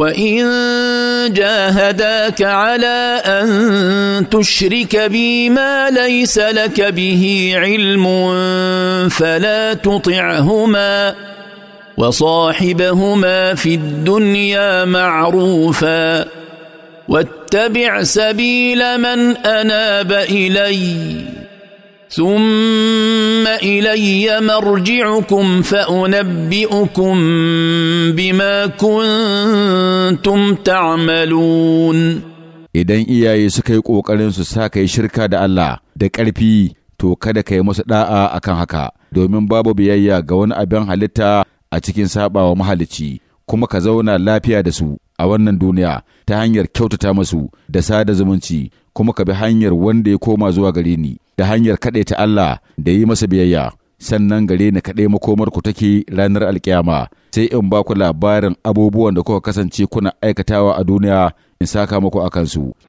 وان جاهداك على ان تشرك بي ما ليس لك به علم فلا تطعهما وصاحبهما في الدنيا معروفا واتبع سبيل من اناب اليّ ثم الي مرجعكم فانبئكم بما كنتم تعملون idan iyaye suka yi ƙoƙarin su sa yi shirka da Allah da ƙarfi to kada ka yi musu ɗa'a akan haka domin babu biyayya ga wani abin halitta a cikin saɓawa mahalicci kuma ka zauna lafiya da su a wannan duniya ta hanyar kyautata masu da sada zumunci kuma ka bi hanyar wanda ya koma zuwa gare ni da hanyar ta Allah da yi masa biyayya sannan gare ni makomar ku take ranar alkiyama sai in ba ku labarin abubuwan da kuka kasance kuna aikatawa a duniya in saka muku a kansu.